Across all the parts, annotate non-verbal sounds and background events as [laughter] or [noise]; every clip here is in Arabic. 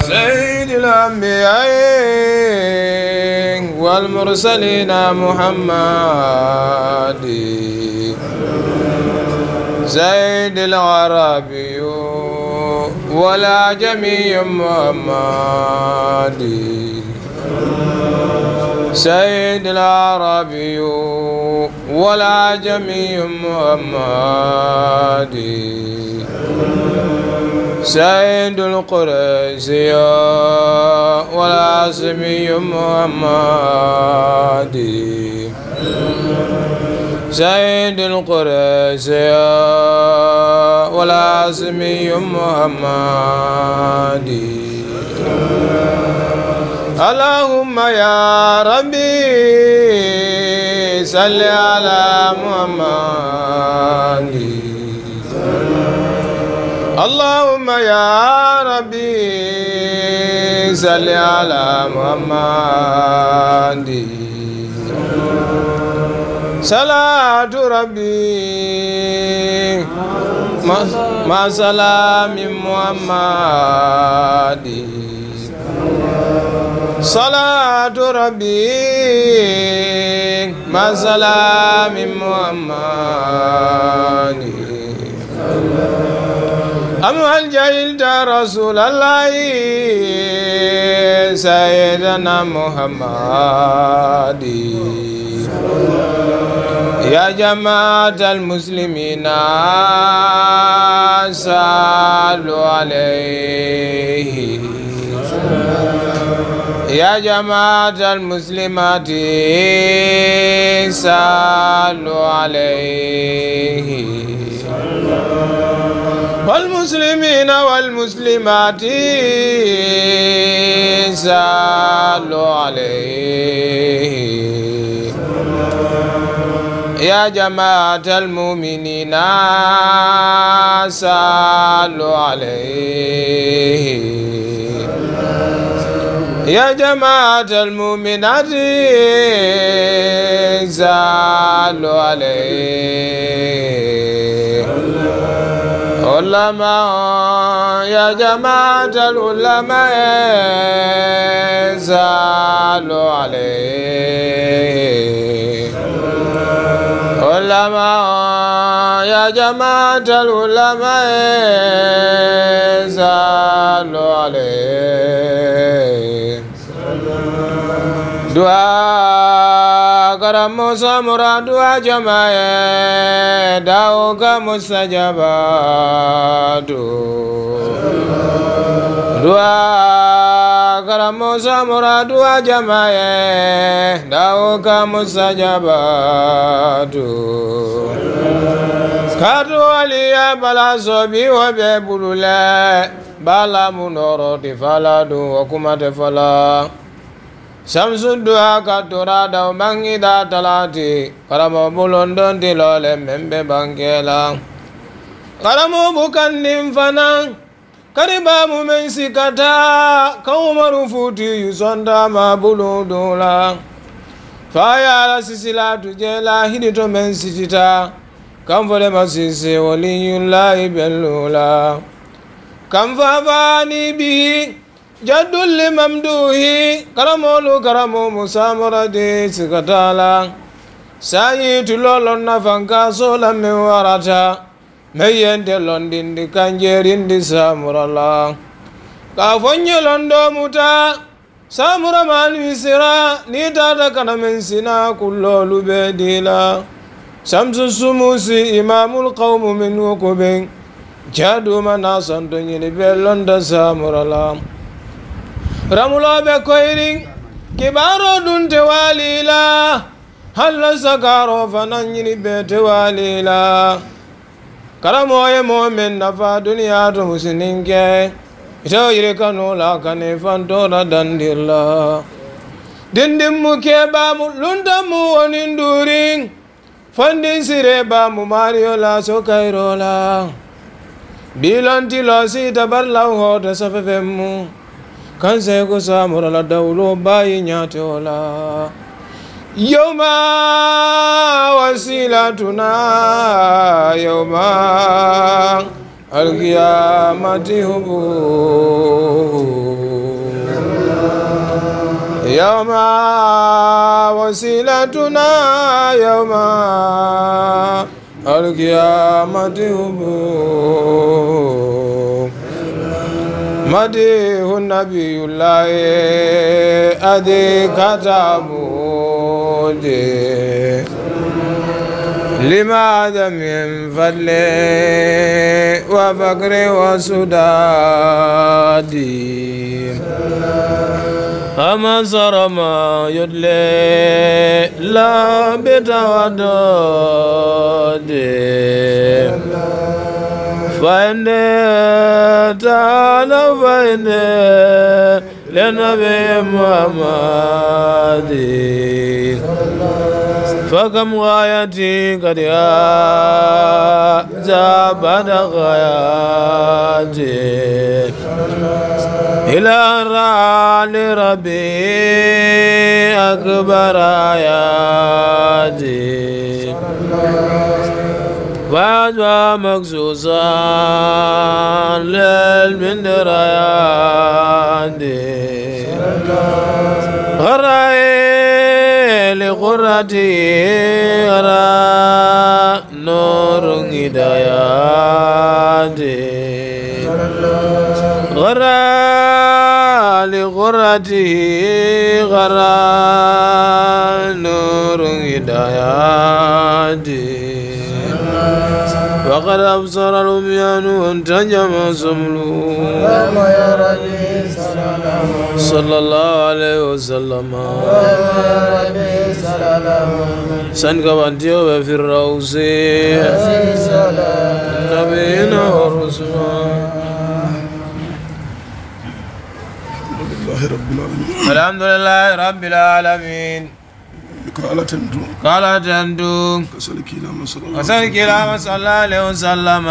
سيد الأنبياء والمرسلين محمد سيد العربي ولا جميع محمد سيد العربي والعجمي محمد سيد القريشي والعاصمي محمد سيد القريشي والعاصمي محمد اللهم يا ربي صل على محمد اللهم يا ربي صل على محمد صلاة ربي ما سلام محمد صلاة ربي مع سلام محمد أم هل جئت رسول الله سيدنا محمد يا جماعة المسلمين صلوا عليه يا جماعة المسلمات صلوا عليه والمسلمين والمسلمات صلوا عليه يا جماعة المؤمنين صلوا عليه يا جماعة المؤمنات صلوا عليه علماء يا جماعة العلماء صلوا عليه علماء يا جماعة العلماء صلوا عليه dua kara musa dua jamae dau ga dua kara musa dua jamae dau ga musa aliya bala sobi wabe bulule bala shamsu duha ka tora da bangi da talati karamo bulon don tilole membe bangela karamo bukan nin fana kariba mu men sikata ka umaru futi yusonda ma bulu dola fayala sisila tujela hidito men sitita kan fole masisi waliyullahi belula kan ni bihi jaddun liman duhi karamolu karamo musamurade sigatala sayi tulolon nafankaso lamin warata meyende londindi kanjerindi samurala kafonye londomuta samura manuisira nitata kanamen sina kullolu be dila samsu sumusi imamul qaumu min wukuben jaduma nasonto yini be londa samurala ramuloɓe koyrin kibaro ɗum tewalila halla sagaro fananyini ɓe tewalila karamoye momen nafa duniya to musininke itew yiri kanula kane fantora dandirla dindinmu keɓamu luntanmu wonin durin fondin sire bamu mariola so kayrola bilontilo sitabarlaw hoto safefenmu kanse ko samoro la dawlo bayi ñaatola yawma wasilatuna yawma alqiyamati hubu مديه النبي الله أدي كتابه لماذا من فضل وفقر وسداد أما سر ما يدلي لا بتودد وإني تعالى وإني لنبي محمد فكم غايتي قد يا زابد غاياتي إلى رعال ربي أكبر آياتي Vajwa Maksuzan Lel Mindarayande Harae Le Kurati Hara Norungidayande Harae غرته غرا نور هداياتي وقد أبصر الأميان وانتجم سملو صلى الله عليه وسلم سنك بانتيو بفي الروسي نبينا ورسولنا رب العالمين الحمد لله رب العالمين قال تندو قال تندو كسلك إلى ما صلى الله كسلك إلى ما صلى الله عليه وسلم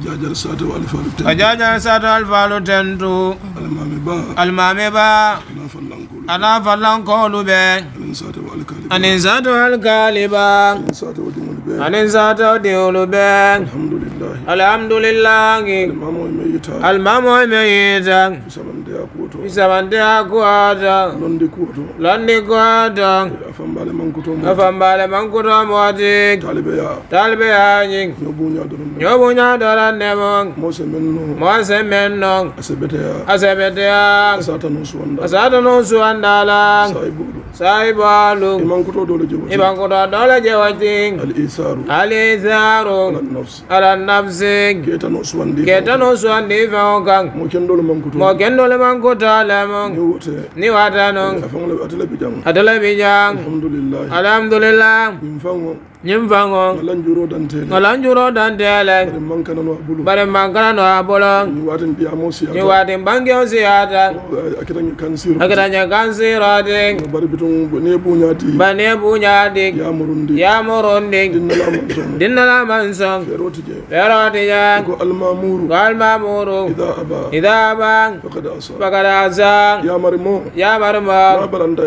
كجاجر سات والف الف تندو كجاجر سات والف الف تندو المامي با المامي با أنا فلان كولو بين أنا سات والكالبا أنا سات وديولو بين الحمد لله الحمد لله المامي ميتا المامي ميتا bisaba ndihakwata londikuwoto londikwata afambale mankutomo afambale mankutomoti talibeya talibeya nyi nyobunya dola nemo mose menno asebeteya asebeteya asata nusuwandala Saibalum. Iman kuto dole jewa. Iman kuto dole jewa ting. Al isaru. Al isaru. Al nafsi. Al nafsi. Keta no swandi. Keta no swandi fa ongang. Mo kendo le man kuto. Mo kendo le man kuto le mong. Ni wate. Ni nong. Afang le atele bijang. Atele bijang. Alhamdulillah. Alhamdulillah. Imfango. ñiŋ faŋo ŋolaŋ juro dante le bari mankana no a bolo ñiŋ waatin bankeŋo siyaata a kita ñe kaŋ siiro tiŋ ya niŋ buuñaa diŋ yaamurundi dinna la maŋ soŋ feeroo ya ti je ya ko alimamuru ida abaŋ fakada asaŋ yaamarimo ya naa balanta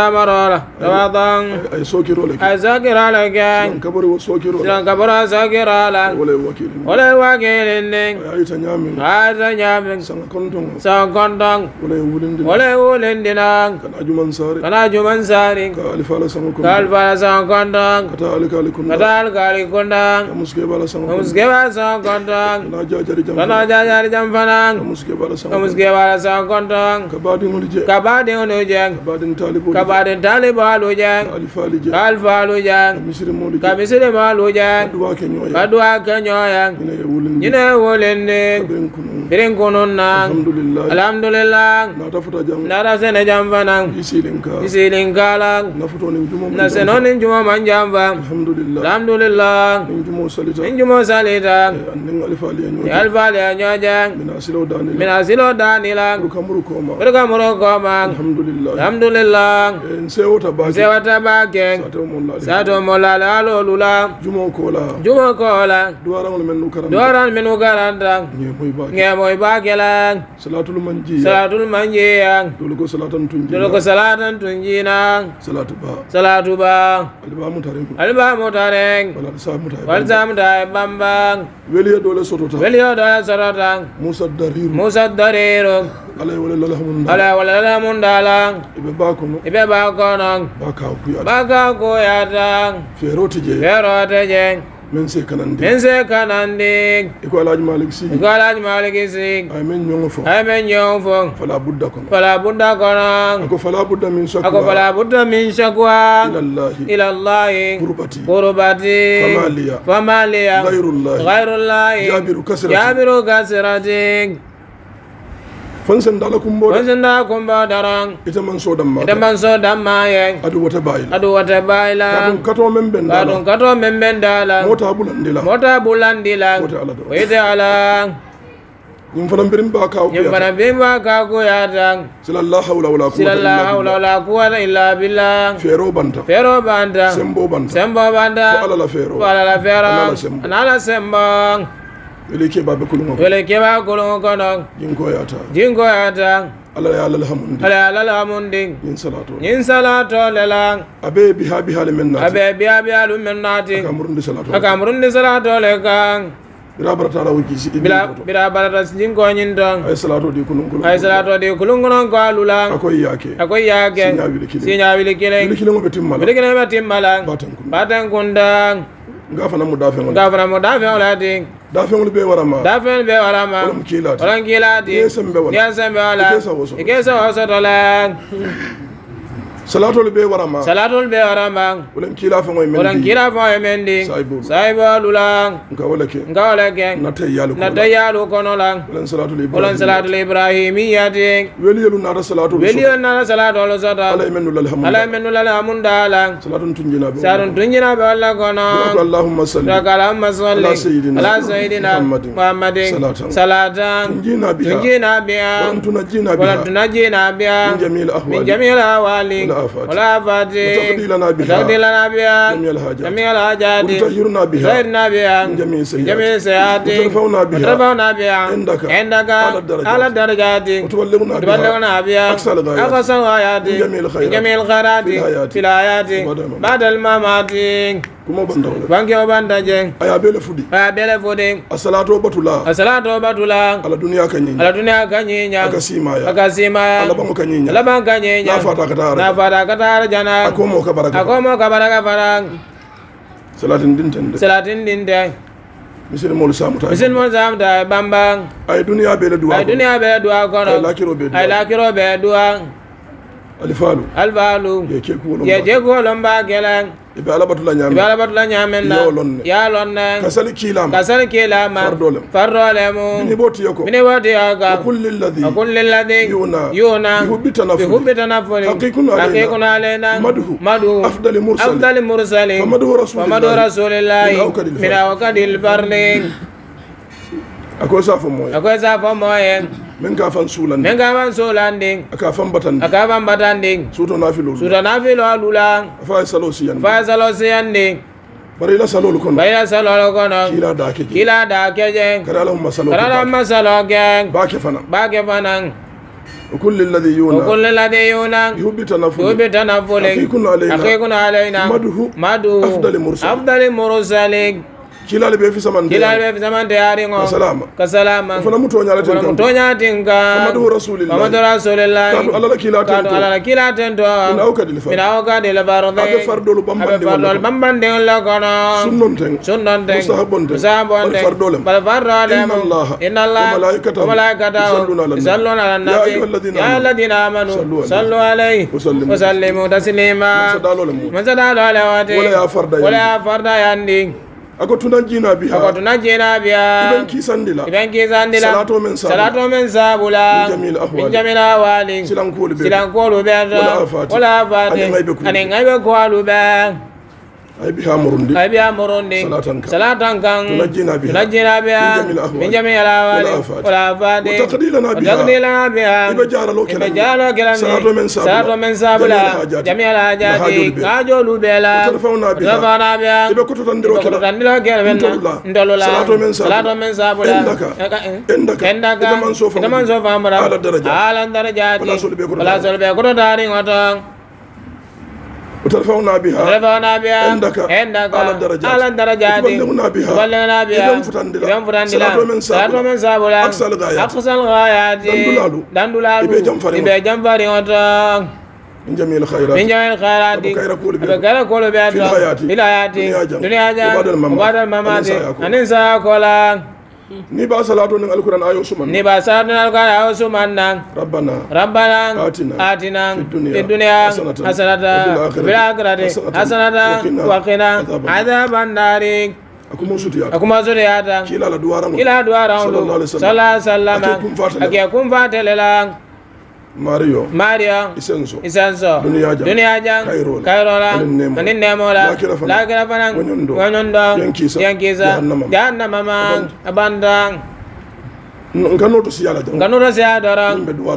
yaamaroo la tabadan ay sookiroo le كان كبر وسوكر سلان كبر وسوكر لان ولا وكيل ولا وكيل لين أي تنيامين أي تنيامين سان كنتم سان كنتم ولا يولين دين ولا يولين دين كان أجمن ساري كان أجمن ساري كالف على سان كنتم كالف على سان كنتم كتالك على كنتم كتالك على كنتم كمسكب على سان كنتم كمسكب على سان كنتم كنا جاجر جم كنا جاجر جم فنان كمسكب على سان كمسكب على سان كنتم كبادين ولجن كبادين ولجن كبادين تالي كبادين تالي بالوجن كالف على جن كالف على جن kabisiri molu alhamdulillah, alhamdulillah, kenyo yan nyine wulen ne birin kunun nan alhamdulillah na ta sene jamfa nan isilin kala na senonin juma man jamfa alhamdulillah in jumo salita alfali ya nyoja mina silo danila burka muro koma alhamdulillah eh, sewa tabake sato mo la a loolu la jumo ko la jumo ko a duwaran menu karanta duwaran menu karanta nge moy ba nge moy ba kala salatul manji salatul manji dole ko salatan tunji dole ko salatan tunji na salatu ba salatu ba alba mutare alba bambang weliyo dole sotota weliyo dole sotota musa dariru musa dariru ala wala lala mun da ala wala ibe ba ko ibe ba ko no ba ka ku ya ba ka ko ya da fero te je fero te je min se kanande min se kanande iko alaji malik si iko alaji malik si ay men nyongo fo ay men nyongo fo fala budda kono fala budda kono ako fala budda min shakwa ako fala budda min shakwa ilallahi ilallahi qurbati qurbati famaliya famaliya ghairullahi ghairullahi yabiru kasirati yabiru kasirati fansan da alakun bo fansan da kun ita manso damma. ita manso damma yeng. adu wata bayila adu wata bayila kadun kato membenda ben kadun kato membenda ben dala mota bulandila mota bulandila mota ala do ita ala ñum fana mbirim ba ka ñum fana mbirim ba ka ko yata sila la hawla wala quwwata sila la hawla wala quwwata illa billah fero banta fero banta sembo banta sembo banta Kuala la fero Kuala la fero ana la sembo Weleke ba be kulungo. Weleke ba kulungo kono. Jinko yata. jingo yata. Ala ya lal hamundi. Ala ya lal hamundi. Nin salatu Nin salatu lelang. Abe bi ha bi hal minna Abe bi ha bi hal minna ti. Akamurundi salato. Akamurundi salatu lekang. bira barata la wuki si bira bira barata sin ko nyin dong ay salatu di kulun kulun ay salatu di kulun kulun ko alula akoy yake akoy yake sinya wili kile sinya wili kile wili kile mo betimmala wili kile mo betimmala batan kun batan kun dan ngafana mo dafe na mo dafe wala ding dafeŋolu bee warama dafeŋolu bee warama wolem kiilaati wolem kiilaati niŋ ye sembe wala niŋ ye sembe wala i ke sa wosoto le [laughs] salatol be warama salatol be warama ulan kila fa ngoy mendi ulan kila fa ngoy mendi saibul saibul ulan nga wala ke nga wala ke na tayyalu na tayyalu kono lan ulan salatul ibrahim ulan salatul ibrahimiyya de weli yelu na salatul weli yelu na salatul sada ala imenu lal hamd ala imenu lal hamd ala salatun tunjina be salatun tunjina be wala kono allahumma salli wa allahumma salli ala sayyidina ala sayyidina muhammadin salatan tunjina biha tunjina biha wa tunajina biha wa tunajina biha min jamil ahwali min jamil ahwali والآفات والآفات وتقديلنا بها وتقديلنا بها جميع الحاجات جميع الحاجات وتطهرنا بها وتطهرنا بها من جميع السيئات جميع السيئات وترفعنا بها وترفعنا بها عندك عندك على الدرجات على الدرجات وتبلغنا بها وتبلغنا بها أقصى الغايات أقصى الغايات من جميع الخيرات من جميع الخيرات في الآيات بعد الممات kuma ban dawla banke o ban daje aya bele fudi aya bele fudi asalatu batula asalatu batula ala duniya kanyinya ala duniya kanyinya akasima ya akasima ya ala ban kanyinya ala ban kanyinya na fata katara na fata katara jana akomo kabaraka akomo kabaraka fara salatin din tende salatin din dai misiri molu samuta misiri molu samuta bambang ay duniya bele duwa ay duniya bele duwa kono ay lakiro bele duwa ay lakiro bele duwa alifalu albalu yejeku olon ba gelen ibe alabatula ñamen ibe alabatula ñamen na ya lon ne kasali kilama kasali kilama fardolem fardolemu mini boti yoko mini boti yoko akul lilladhi akul lilladhi yuna yuna yuhubbita nafuli yuhubbita nafuli haqiqun alayna haqiqun alayna madhu madhu afdali mursali afdali mursali wa madhu rasulillahi madhu rasulillahi min awkadil farli akoy safo moye akoy Menga fan so landing. Menga fan so landing. aka fan batan aka fan batan ding suto na filo suto na filo alula fa salo siyan fa salo siyan ding barila salo lu kono barila salo lu kono kila da ke kila da ke je karala umma salo karala umma salo ke ba ke fana ba ke fana وكل الذي يونا وكل الذي يونا يحب تنفل يحب تنفل أخيكنا علينا أخيكنا علينا مدهو مدهو أفضل مرسل أفضل مرسلين kilali be fisa man kilali be fisa man ari ngo kasalama kasalama fana mutonya la tinka mutonya tinga kamadu rasulillah kamadu rasulillah kadu alala kila tento kadu alala kila tento ina auka dil far ina auka dil far de abe far dolu bambande abe far dolu bambande la kono sunnon ten sunnon ten mustahabon ten mustahabon ten fardo dolem bal far dolem inna allah inna allah malaikata malaikata salluna ala nabi ya alladhina ya amanu sallu alayhi wa sallimu taslima man sadalo le mu man sadalo ala wala ya farda ya ndi ako jina biya ako tunanjina biha iben kisandila iben kisandila salato men sabula salato men sabula jamil ahwali min jamil ahwali silan kolu be silan kolu be wala afati wala afati anen ngaibe kwalu be ay biha murundi ay biha murundi salatan kan salatan kan tunajjina biha tunajjina biha min jami al awali wal afati wa taqdilana biha taqdilana biha ibajara lo kelan ibajara kelan salatu min sabla salatu min sabla jami al hajati kajolu bela tarfauna biha tarfauna biha kututan diro kelan ndolula salatu min sabla indaka indaka eh. indaka sofa itaman sofa amra ala daraja ala darajati wala sulbe kututari ngotang وترفعنا بها رفعنا بها عندك عندك على الدرجات على الدرجات وتبلغنا بها وتبلغنا بها يوم فتن دلا يوم فتن دلا صلاة من سابولا صلاة من سابولا أقصى الغايات أقصى الغايات دندلالو دندلالو إبي جنفري إبي جنفري وترك من جميع الخيرات من جميع الخيرات بكير كل بيت في الحياة في الحياة دنيا جنب وبعد الممات وبعد الممات أنسى كلام ni ba salatu nin alquran ayo suman ni ba salatu nin alquran ayo suman nan rabbana rabbana atina atina fid dunya hasanata fil akhirati hasanata wa qina adhaban nar akuma zuti yata kila la duwara kila duwara sallallahu alaihi wasallam ake kun fatelela Mario Mario Isenzo Isenzo Dunia Jam Dunia Jam Kairola Kairola Nani Nemola Lakira Fanang Wanyondo Yankiza Yankiza Jahannama Jahannama Abandang ngano to siyala dara ngano to siyala dara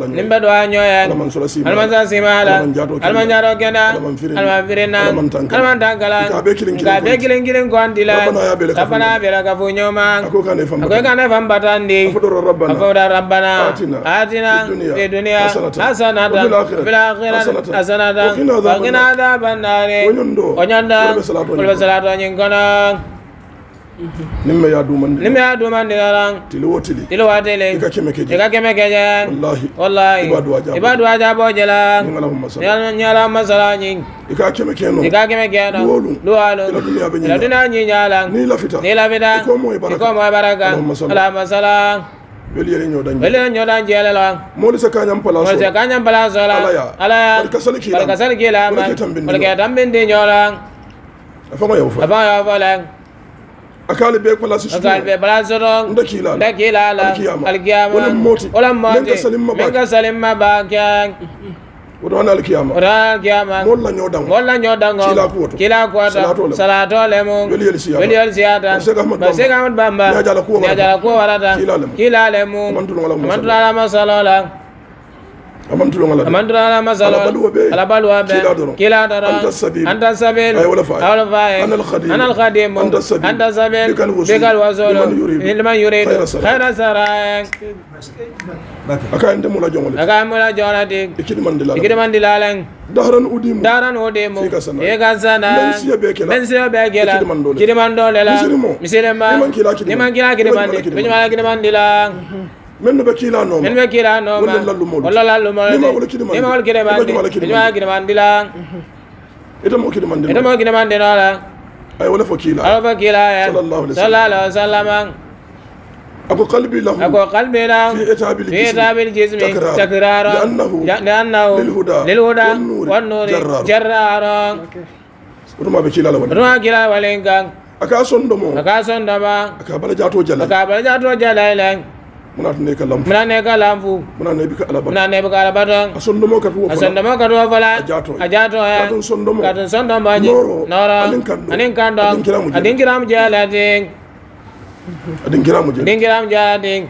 nimbe do anyo ya alman sura sima alman sima ala alman jaro kenda alman firina alman tangala ka be kilen kilen gondila tapana bela ka funyo ma ako kane fam ako kane fam batandi afodoro rabbana afodoro rabbana atina fi dunya hasanatan fil akhirati hasanatan wa qina adhaban nar onyondo onyondo salatu nyin kono nin ya duman nin mai ya duman da yaran tili wo tili tili ika keme keje ika keme keje wallahi wallahi ibadu aja ibadu aja bo jela nin masala nin ika keme keno ika keme keno luwalu luwalu ila dunya be ila dunya nyi nyala ni lafita ni lafita iko mo ibaraka iko mo ibaraka ala masala beli yɛrɛ ɲɔdan jɛ beli yɛrɛ ɲɔdan jɛ la mɔli se ka ɲan pala sɔrɔ mɔli se ka ɲan pala sɔrɔ la ala ya ala ya barikasali k'i la barikasali k'i la barikatan bɛ den ɲɔ la a fɔ n ka yawu fɔ a fɔ n ka yawu fɔ la. akali be kwala sisi akali be balazoron ndakila ndakila la alkiyama wala moti wala moti menga salimma ba menga salimma ba kyan ودون القيامة ودون القيامة مولا نيودان مولا نيودان كلا كوتو كلا كوتو صلاة لهم وليل سيادة وليل سيادة مسيك أحمد بامبا نجعل كوا وردا كلا لهم كلا لهم من تلا لهم صلاة أمام تلون على أمام تلون على مزال على بلوة بي على بلوة بي كلا درون أنت السبيل أنت السبيل أي ولا فاعل أول فاعل أنا الخديم أنا الخديم أنت السبيل أنت السبيل بك الوصول بك الوصول لمن يريد خير سرائك أكا أنت مولا جونالك مولا إكيد من إكيد من أوديم أوديم سنا منسيا بيكلا منسيا بيكلا من من مسلمو مسلمو كلا من من men be kila no men be kila no ma wala la lu mo ni ma wala kidi man ni ma wala kidi man ni ma kidi man dila ita mo kidi man dila ita mo kidi man dila la ay wala fo kila ala fo kila ya sallallahu alaihi wasallam أكو قلبي له أكو قلبي له في إتعاب الجسم في إتعاب الجسم تكرارا لأنه لأنه للهدى للهدى والنور جرارا رما بكلا لولين رما كلا لولين كان أكا صندما أكا صندما أكا بلجاتو جلال أكا بلجاتو muna ne ka lamfu muna ne ka lamfu muna ne bika alaba muna ne bika alaba don a sondomo ka tuwa a sondomo ka tuwa fala a jato ya katun sondomo katun sondomo ji noro anin kan don adin kiramu je la ding adin kiramu je adin kiramu je ding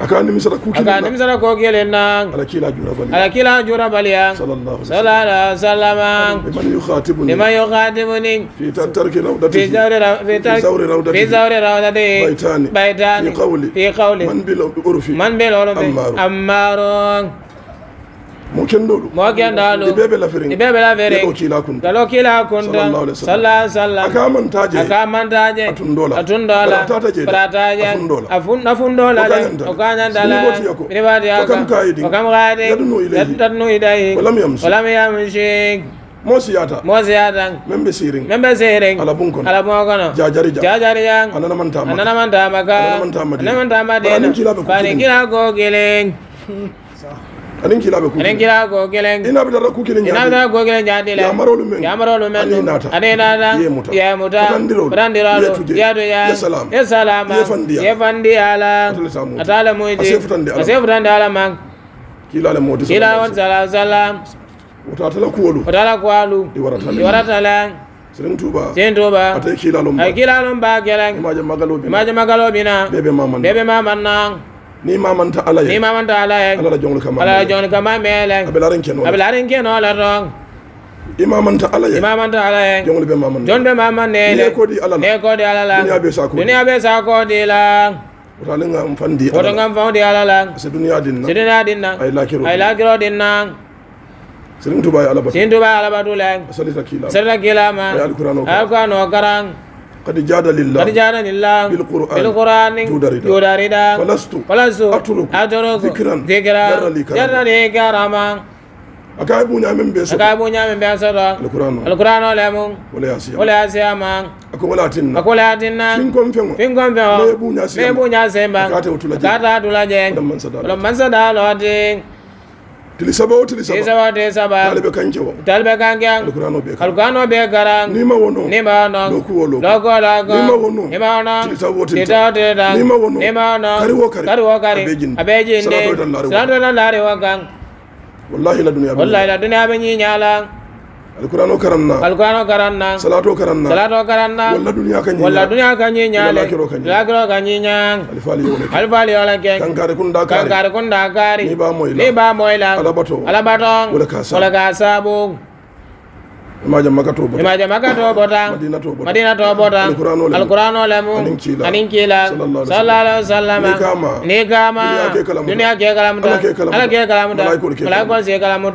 akaanimizana kuakaanimizana kogele nang alakila ajura bali alakila ajura bali yang sallallahu alaihi wasallam liman yukhatibuni liman yukhatibuni fi tarki rawdati fi zawri rawdati fi zawri rawdati fi zawri rawdati baitani baitani fi qawli fi qawli man bil urfi man bil urfi ammarun mukendolu mwagendanu ibebela verin galo kila kunda akaman taje akaman taje atundola atundola prataje prataje afundola afundola okanyandala ribati yaka okamkaidi yadnu idai walam yamshi walam yamshi mosiyata mosiyatan membe siring membe siring alabun kono alabun kono jajari ja jajari ja anana mantama anana mantama ka anana mantama de anana mantama de bani kila ko geleng [laughs] anin kila be ku anin kila go kelen ina bi dara ku kelen ina dara go kelen men men ani nata ani nata muta ye muta brandiro ya do ya salam ya salam fandi ye fandi ala atala moyti asefutande ala asefutande ala man kila le moti kila wa salam salam utatala kuolu utatala kualu iwaratala iwaratala sen tuba sen tuba atay kila lomba ay kila ba gelen imaje magalo bina imaje magalo bina bebe mamanna bebe mamanna ni mamanta ala ni mamanta kamar ala la jonglu kama ala jonglu kama mele abelaren keno abelaren keno ala rong imamanta alaye imamanta alaye jonglu be mamanta jonbe mamane ne ko di ala ne ko di ala la dunia be sa ko dunia be sa ko di la wotale nga mfandi ala ala la se dunia dinna se dunia dinna ay lakiro ay lakiro na Sering tuba ala batu Sering tuba ala batu la salita kilama salita kilama ay alquran ala karang قد جادل الله قد جادل الله بالقرآن بالقرآن يداردا فلست فلست أترك أترك ذكرا ذكرا جر لي كرما أكايبون أمين بيسر أكايبون أمين بيسر القرآن القرآن ولا مون ولا يسيا ولا يسيا مان أكو ولا تنا أكو ولا تنا فينكم فيهم فينكم فيهم ليبون يسيا ليبون يسيا مان كاتا وتلاجين كاتا وتلاجين لمن سدال لمن سدال وتين saba o tili saba. talibe kankewa talibe bɛ alukurano bɛ gara n'i ma wɔnɔ n'i ma wɔnɔ lɔku o lɔku lɔku o lɔku n'i ma wɔnɔ n'i ma wɔnɔ o tili tilisa n'i ma wɔnɔ n'i ma wɔnɔ kari o kari kari o kari a bɛ jeni de siratɔ da laari o kan walahi la bɛ alkurano karanna alkurano karanna salato karanna salato karanna walla dunya kanyi walla dunya kanyi nyanya le kiro kanyi nyanya alfali wala alfali wala ke kankare kun da kare kankare kun da kare ni ba moyla ni ba moyla alabato alabato wala kasa wala bu imaja makato bota imaja makato bota madina to bota madina to bota alkurano lemu anin kila sallallahu alaihi wasallam ne kama dunya ke kalamu dunya ke kalamu ala ke kalamu malaikul ke kalamu malaikul ke kalamu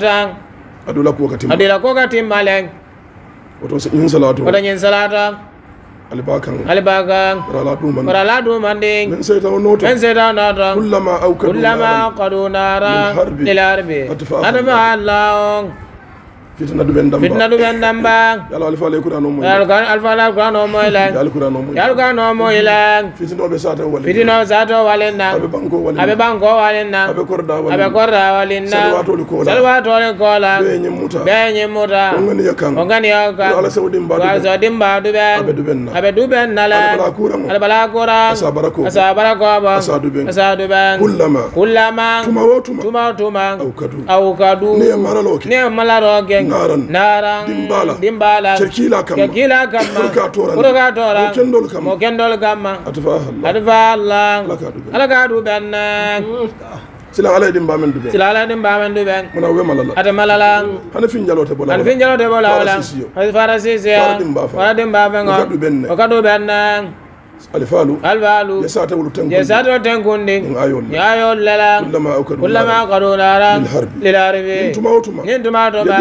adola ko katim adola ko katim maleng oto nyin salatu oto nyin salata albakan albakan rala man rala man de men sai ta noto men ta noto kullama kullama qaduna ra atfa allah fitna du ben damba fitna du ben damba yalla alfa le qur'an mo yalla kan alfa la qur'an mo ila yalla qur'an mo yalla kan mo ila fitna be sato wala fitna sato wala na abe banko wala abe banko wala na abe korda wala abe korda wala na salwato le kola salwato le kola be nyi muta be nyi muta ngani yakan ngani yakan wala saudi mbadu wala saudi mbadu be abe du ben na abe du ben na la ala qur'an ala bala qur'an asabarako asabarako ba asadu ben asadu ben kullama kullama tuma tuma tuma au kadu au kadu ne malaloke ne malaloke ngaran naran dimbala dimbala kekila kamma kekila kamma kurka tora kendol kam mokendol kamma mokendol kamma atfa allah atfa allah alaka du banna sila ala din bamen ben sila ala din bamen ben mona we malala ada malala hana fin jalo te bola hana fin jalo te bola wala hana farasisi ya fara dimba bafen fara dimba bafen o ka dubenne o ka alfalu alfalu yasatawul tankunde yasatawul tankunde ayolla yayollala kullama akadu kullama akadu nara lil harbi nin tuma otuma nin tuma to ba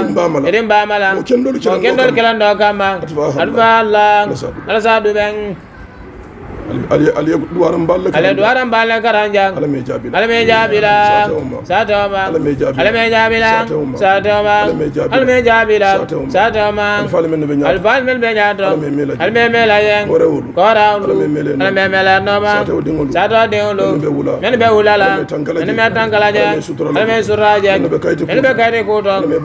edin ba mala o kendol kelan do kama atfa allah alsa du aliyeduwara mballa ala duwara mballa karanja ala me jabila ala me jabila satoma ala me jabila ala me jabila satoma ala me jabila satoma alfal men be nyaa alfal men be nyaa do ala me mela ye kora ulu kora ulu ala me mela no ma sato dingulu men be wula la men me tankala je ala me sura je men be kayde ko to ala me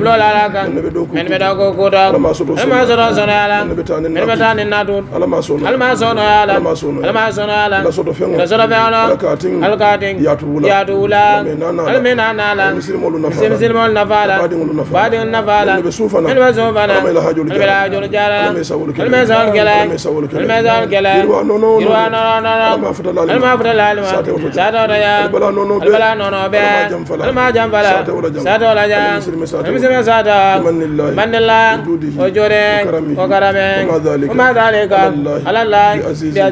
bulo la la kan men be do ko ko to ala ma sura sona ala men be tan na do ala ma sona ala almasono lasoto feŋo alakaatiŋ yaatuwula alimena nala misilimolu nafala baadiŋolu nafala anibe suufana alimela hajolu jarala alimela sawolu gela alimela sawolu gela yiriwa nono yiriwa nono nono alima futala alima alima futala alima saate wota saate wota ya alibala nono bɛ alibala nono bɛ alima janfala saate wota janfala saate wota jan alimisirime saate alimisirime saate manilayi manilayi o jode o karame o ma zalika alalayi bi aziz